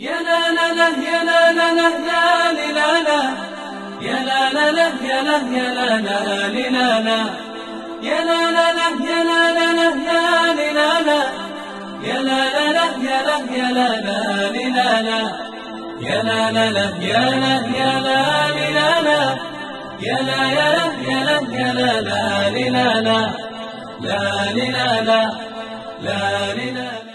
يا لا لا لا يا لا لا لا لا لا لا يا لا لا لا يا لا يا لا لا لا لا يا لا لا لا يا لا لا لا لا لا يا لا لا لا يا لا يا لا لا لا لا يا لا لا لا يا لا يا لا لا لا يا لا يا لا يا لا يا لا لا لا لا لا لا لا لا لا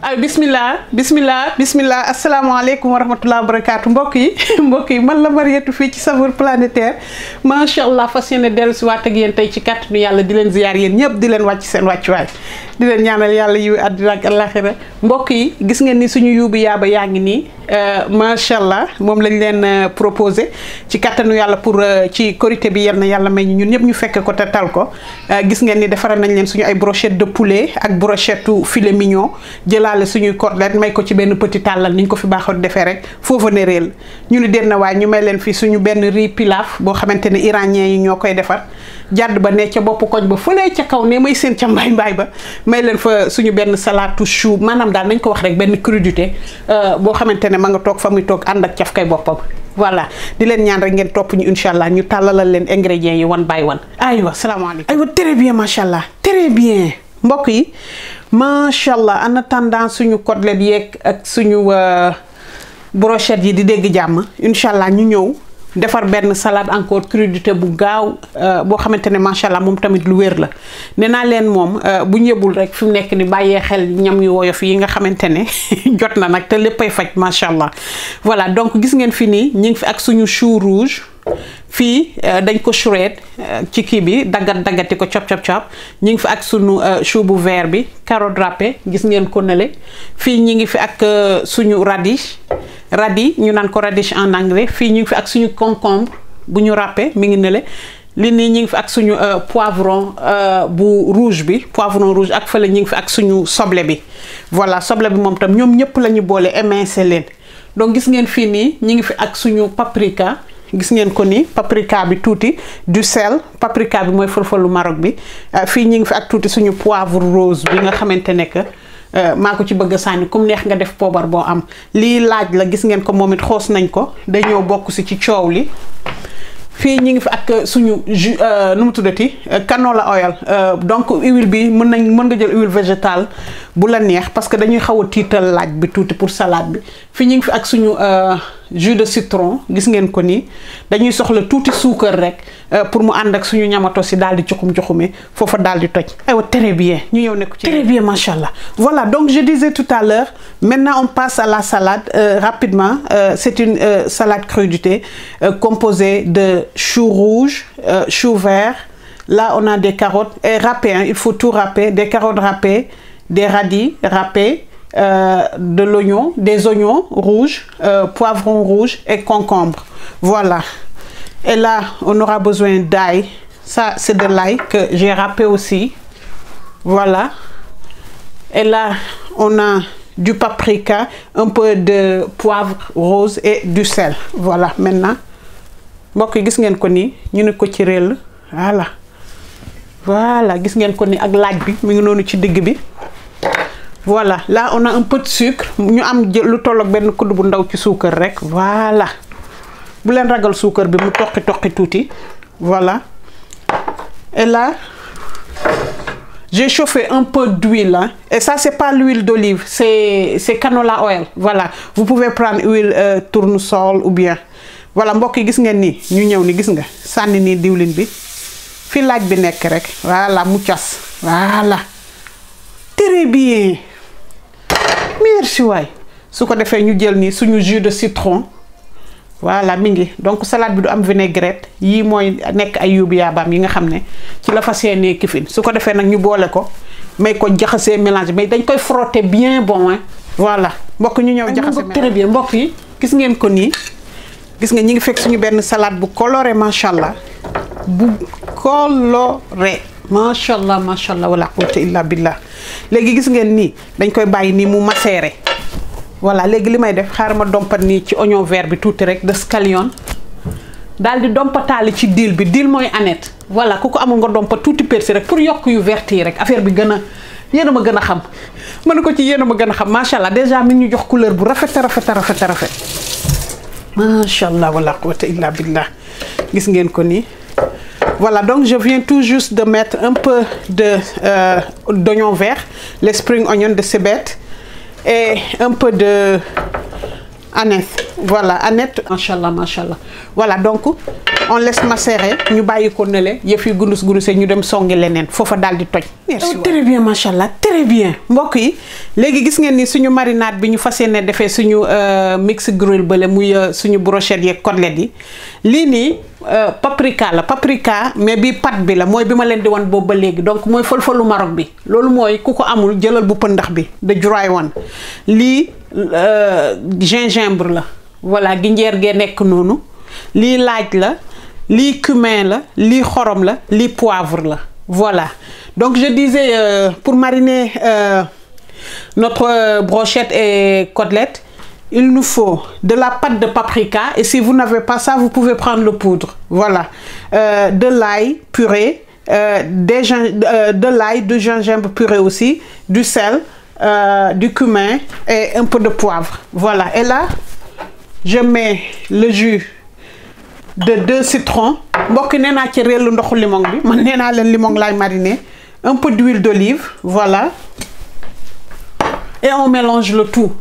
ay bismillah bismillah bismillah asalaamaaleykum wa rahmatulah barakaatu mbokk yi mbokk yi man la Mariétou fii ci Saveurs Planétaires macha allah fas yéene dellusiwaat ak yéen tey ci kàttanu yàlla di leen ziyaar yéen ñëpp di leen wàcc seen wàccuwaay di leen ñaanal yàlla yiw àddina ak àllaaxira mbokk yi gis ngeen ni suñu yuubi yaaba yaa ngi nii euh, macha allah moom lañ leen euh, proposé ci kàttanu yàlla pour euh, ci korité bi yal na yàlla may ñu ñun ñëpp ñu fekk ko te tal ko gis ngeen ni defaral nañ leen suñu ay brochette de poulet ak brochette filet mignon jëlaal tàll suñuy côtelette may ko ci benn petit tàllal ni ñu ko fi baaxoon defee rek foofa ne réel ñu ni déet na waaye ñu may leen fi suñu benn riz pilaf boo xamante ne iranien yi ñoo koy defar jàdd ba ne ca bopp koñ ba fëlee ca kaw ne may seen ca mbaay mbaay ba may leen fa suñu benn salaatu chou maanaam daal nañ ko wax rek benn crudité euh, boo xamante ne ma nga toog fa muy toog ànd ak kay boppam voilà di leen ñaan rek ngeen topp ñu incha allah ñu tàllalal leen ingrédients yi one by one aywa salaamaaleykum aywa très bien macha allah mbokk yi macha allah en attendant suñu côtelette yeeg ak suñu euh, brochette yi di dégg jàmm incha allah ñu ñëw defar benn salade encore crudité bu gaaw euh, boo xamante ne macha allah moom tamit lu wér la nee naa leen moom euh, bu ñëbul rek fi mu nekk ni bàyyee xel ñam yu woyof yi nga xamante ne jot na nag te léppay faj macha allah voilà donc gis ngeen fi nii ñu fi ak suñu chou rouge. fii euh, dañ ko chouret euh, ci kii bi daggat daggati ko cop cop cop ñu ngi fi ak suñu euh, chou bu vert bi carotte râpée gis ngeen ko nele fii ñu ngi fi ak suñu radish radish ñu naan ko radish en anglais fii ñu ngi fi ak suñu concombre bu ñu ràppe mi ngi nele li nii ñu ngi fi ak suñu poivron bu rouge bi poivron rouge ak fële ñu ngi fi ak suñu soble bi voilà soble bi moom tam ñoom ñëpp la ñu boole émincé leen donc gis ngeen fii nii ñu ngi fi ak suñu paprika gis ngeen ko nii paprika bi tuuti du sel paprika bi mooy fël-fëlu Maroc bi euh, fii ñu ngi fi ak tuuti suñu poivre rose bi nga xamante ne que euh, maa ko ci bëgg a sànni kum neex nga def poobar boo am lii laaj la gis ngeen ko moom it xoos nañ ko dañoo bokku si ci coow li fii ñu ngi fi ak suñu ju euh, nu mu tuddati canola oil donc huile bi mën nañ mën nga jël huile végétale bu la neex parce que dañuy xaw a tiital laaj bi tuuti pour salaat bi fii ñu ngi fi ak suñu. jus de citron gis vous ko ni dañuy soxla touti le rek euh, pour mu ànd ak suñu ñamato ci daal di cuxum cuxume foofa daal di toj. très bien très bien machallah voilà donc je disais tout à l'heure maintenant on passe à la salade euh, rapidement euh, c'est une salade crudité composée de chou rouge chou vert là on a des carottes et râpées hein, il faut tout râper des carottes râpées des radis râpés. Euh, de l'oignon, des oignons rouges, euh, poivrons rouges et concombre. Voilà. Et là, on aura besoin d'ail. Ça, c'est de l'ail que j'ai râpé aussi. Voilà. Et là, on a du paprika, un peu de poivre rose et du sel. Voilà, maintenant. mbokk yi gis ngeen ko ni ñu ne ko voilà voilà vous voyez ko nii ak laaj bi mi ngi voilà là on a un peu de sucre ñu am lu tolloog ben kudd bu ndaw ci suukar rek voilà bu leen ragal suukar bi mu voilà et là j'ai chauffé un peu d'huile hein. et ça c'est pas l'huile d'olive c'est c'est canola oil voilà vous pouvez prendre huile euh, tournesol ou bien voilà mbokk yi gis ngeen ni ñu ñëw ni gis nga sànni nii bi voilà voilà très bien ci way su ko defé ñu jël ni suñu jus de citron voilà mi ngi donc salade bi du am vinaigrette yi moy nek ay yóbbu bam yi nga xamné ci la fas yéenee kifin su ko defé nak ñu bolé ko may ko jaxassé mélange mais dañ koy frotter bien bon hein voilà mbokk ñu ñew ah, jaxassé mélange très bien mbokk yi gis ngeen ko ni gis nga ñi ngi fek suñu ben salade bu coloré machallah bu coloré macha allah macha allah wala quwwata illa billah léegi gis ngeen nii dañ koy bàyyi nii mu macéré voilà léegi li may def xaaral ma dompat nii ci oignon vert bi tuuti rek de scallion daal di dompataale ci diil bi diil mooy aneth voilà ku ko amul nga dompat tuuti persil rek pour yokk yu vert yi rek affaire bi gën a yéen a ma gën a xam ma ne ko ci yéen ma gën a xam macha allah dèjà mi ñu jox couleur bu rafet a rafet a rafet a rafet macha allah wala quwwata illa gis ngeen ko nii. Voilà, donc je viens tout juste de mettre un peu euh, d'oignon vert, les spring onions de Cébette et un peu de Annette voilà Annette macha allah macha allah voilà donc on laisse macérer ñu bàyyi ko nële yëf yi gundus gundusee ñu dem songi leneen foofa daal di toj. merci oh, très bien macha allah très bien. mbokk yi léegi gis ngeen ni suñu marinade bi ñu fas yéene defee suñu euh, mix grill bële muy euh, suñu brochette yeeg côtelette yi lii nii euh, paprika la paprika mais bi pat bi la mooy bi ma leen di wan boobu ba léegi donc mooy fël-fëlu Maroc bi loolu mooy ku ko amul jëlal bu pëndax bi the dry one Euh, gingembre là voilà gingembre que nous noonu lii cumin la li poivre voilà donc je disais euh, pour mariner euh, notre brochette et côtelette il nous faut de la pâte de paprika et si vous n'avez pas ça vous pouvez prendre le poudre voilà de l'ail puré, de l'ail de gingembre puré aussi du sel euh, du cumin et un peu de poivre. Voilà. Et là, je mets le jus de deux citrons. un peu d'huile d'olive voilà et on mélange le tout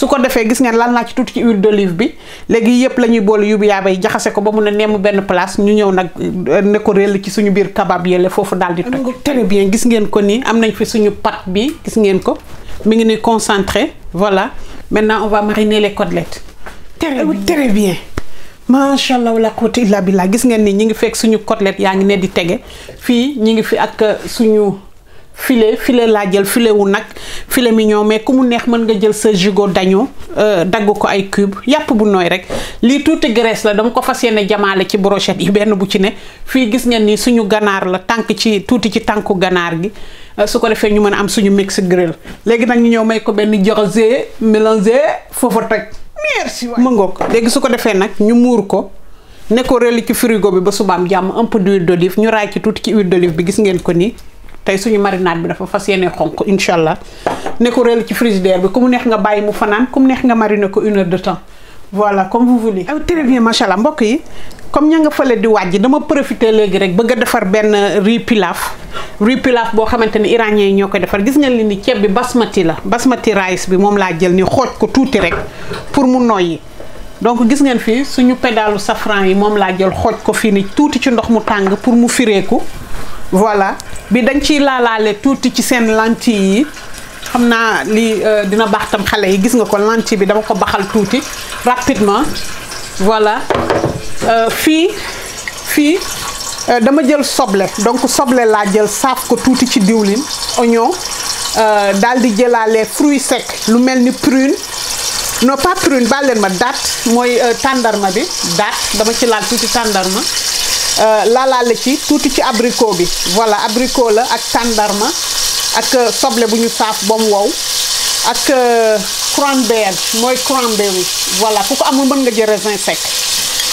su ko defé gis ngeen laal la ci tout ci huile d'olive bi légui yépp lañuy bol, boole ya bay jaxassé ko ba mu ne nemm benn place ñu ñew nak euh, ne ko rel ci suñu bir kebab yële fofu daal di très bien gis ngeen ko ni am nañ fi suñu pat bi gis ngeen ko mi ngi ni concentré voilà maintenant on va mariner les côtelettes très très bien machallah la wala quwwata illa billah gis ngeen ni ñi ngi fek suñu côtelette yaa ngi ne di tege fi ñi ngi fi ak euh, suñu filet filet laa jël file wu nag file mi mignon mais ku mu neex mën nga jël sa gigot dañu euh, dagg ko ay cube yàpp bu nooy rek lii tuuti graisse la dama ko fa seene jamaale ci brochette yi benn bu ci ne fii gis ngeen ni suñu ganaar la tànk ci tuuti ci tànku ganaar gi euh, su ko defee ñu mën a am suñu mix grill léegi nag ñu ñëw may ko benn jaxase mélanger foofa teg merci mu ngoog léegi su ko defee nag ñu muur ko ne ko relli ci frigo bi ba subaam jàmm un peu d'huile d'olive ñu raay ci tuuti ci huile d'olive bi gis ngeen ko nii tey suñu marinaat bi dafa fas yéene xonq incha allah ne ko réel ci frigidaire bi ku mu neex nga bàyyi mu fanaan ku mu neex nga mariner ko une heure de temps voilà comme vous voulez. aw ah, très bien macha allah mbokk yi comme ña nga fële di wàjj dama profité léegi rek bëgg a defar benn riz pilaf riz boo xamante ni iranien yi ñoo koy defar gis ngeen li ni ceeb bi basmati la basmati rice bi moom laa jël ni xooj ko tuuti rek pour mu noyyi. donc gis ngeen fii suñu pédalu safran yi moom laa jël xooj ko fii ni tuuti ci ndox mu tàng pour mu fireeku voilà bi dañ ci laalaale tuuti ci seen lentille yi xam naa lii euh, dina baax tam xale yi gis nga ko lentille bi dama ko baxal tuuti rapidement voilà euh, fii fii euh, dama jël soble donc soble laa jël saaf ko tuuti ci diwlin oignon daal di jëlaale fruits secs lu mel ni prune non pas prune baal leen ma daat mooy tàndarma bi daat dama ci laal tuuti tàndarma Euh, laalaale ci tuuti ci abrico bi voilà abrico la ak tàndarma ak euh, soble bu ñu saaf ba mu wow ak euh, cranberry mooy cranberry voilà ku ko amul mën nga jël raisin sec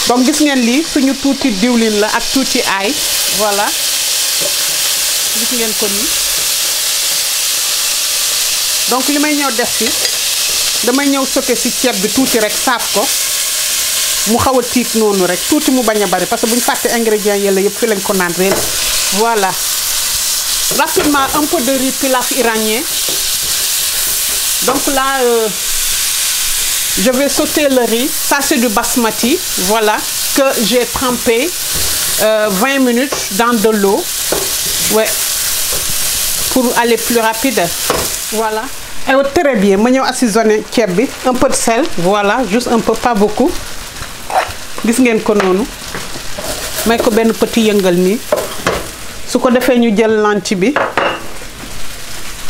donc gis ngeen lii suñu tuuti diwlin la ak tuuti ay voilà gis ngeen ko nii donc li may ñëw def ci damay ñëw sote si ceeb bi tuuti rek saaf ko mu xaw a tiit noonu rek tuuti mu bañ a bari parce que bu ñu ingrédients yëpp fi lañ ko voilà rapidement un peu de riz pilaf iranien donc là euh, je vais sauter le riz ça c'est du basmati voilà que j'ai trempé 20 euh, minutes dans de l'eau ouais pour aller plus rapide voilà et eh, très bien ma assaisonner un peu de sel voilà juste un peu pas beaucoup gis ngeen ko noonu may ko benn petit yëngal nii su ko defee ñu jël lentille bi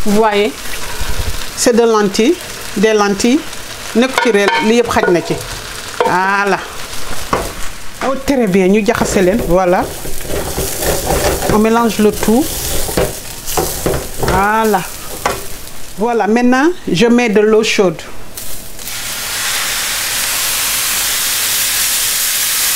voyez c'est de lentille des lentilles nekk ci réel li yëpp xaj na ci voilà oh très bien ñu jaxase leen voilà on mélange le tout voilà voilà maintenant je mets de l'eau chaude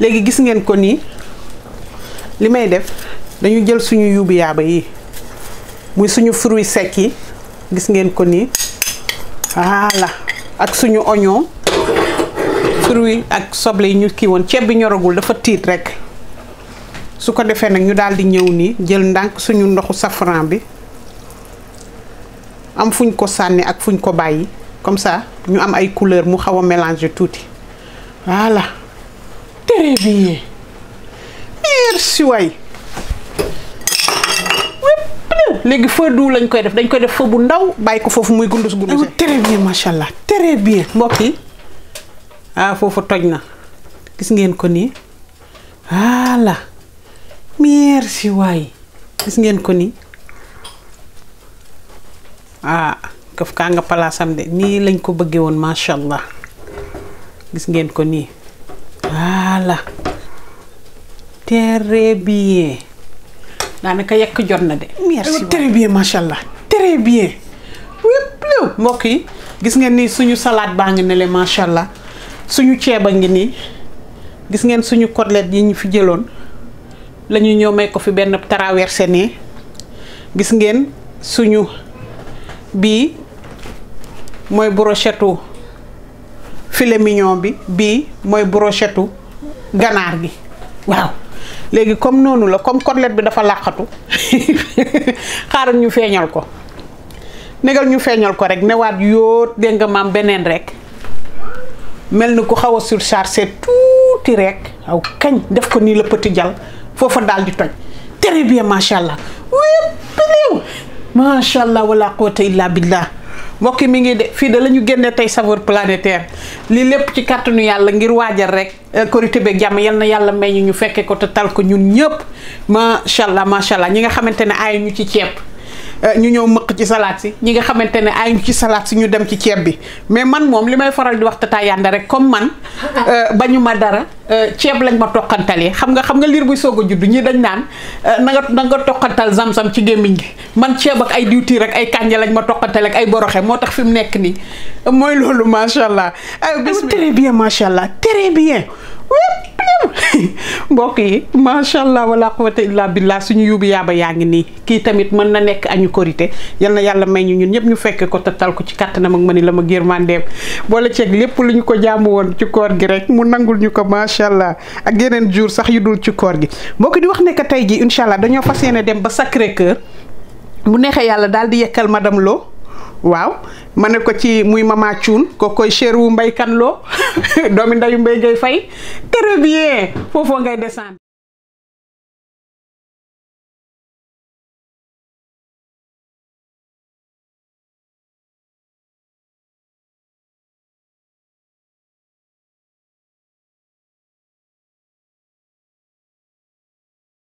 léegi gis ngeen ko nii li may def dañu jël suñu yuubu yaaba yi muy suñu fruit sec yi gis ngeen ko nii voilà ak suñu oignon fruit ak soble yi ñu kii woon ceeb bi ñoragul dafa tiit rek su ko defee nag ñu daal ñëw nii jël ndànk suñu ndoxu safran bi am fuñ ko sànni ak fuñ ko bàyyi comme ça ñu am ay couleur mu xaw a mélanger tuuti voilà Terebi. merci way légui feu dou lañ koy def dañ koy def feu bu ndaw bay ko fofu muy gundus gundus oh, très bien machallah très bien mbokki ah fofu tojna gis ngeen ko ni ala merci way gis ngeen ko ni ah kaf ka nga am de ni lañ ko bëggé won machallah gis ngeen ko ni ah voilà très bien daanaka yak jot na de merci très bien machallah allah très bien oui léew mbokk yi gis ngeen ni suñu salade baa ngi nele machallah suñu ceeb a ngi ni gis ngeen suñu côtelette yi ñu fi jëlone lañu ko fi ben traversé gis ngeen suñu bi moy brochette filet mignon bi bi moy brochette ganaar gi waaw léegi comme noonu la comme côtelette bi dafa làqatu xaaral ñu feeñal ko negal ñu feeñal ko rek newaat yóot dénga maam beneen rek mel ni ku xaw a surchargé tuuti rek aw kañ def ko nii la petit jal foofa daal di toj très bien macha allah wépp liw macha allah wala quwata illa billah mbokki mi ngi de fii da la ñu génne tey saveur planétaire li lépp ci kàttanu yàlla ngir waajal rek euh, korité beeg jàmm yal na yàlla may ñu ñu fekke ko te tal ko ñun ñëpp macha allah macha allah ñi nga xamante ne aay ñu ci ceeb Eh, ñu ñëw mëq ci salaat si ñi nga xamante ne ay ñu ci salaat si ñu dem ci ceeb bi mais man moom li may faral di wax tata Yande rek comme man euh, bañu ma dara euh, ceeb lañ ma toqantalee xam nga xam nga liir buy soog a juddu ñi dañ naan euh, na nga na nga toqantal zam ci gémmiñ gi man ceeb ak ay diwtiir rek ay kànja lañ ma toqantale ay boroxe moo tax fi mu nekk nii mooy loolu macha allah. très bien macha allah très bien. mbokk yi macha allah wala quwwata illa billah suñu yuubu yaaba yaa ngi nii kii tamit mën na nekk ak ñu korité yal na yàlla may ñu ñun ñëpp ñu fekk ko tatal ko ci kàttanam ak ma ni la ma girmandeem boole ceeg lépp lu ñu ko jàmm woon ci koor gi rek mu nangul ñu ko macha allah ak geneen jour sax yu dul ci koor gi mbokk di wax ne que tey ji incha allah dañoo fa yéene dem ba Sacré Cœur mu neexee yàlla daal di yekkal ma dam loo waaw ma ne ko ci muy mama ko koy chéri wu mbay kan loo doomi ndayu mbay ngay fay très bien foofoo ngay descendre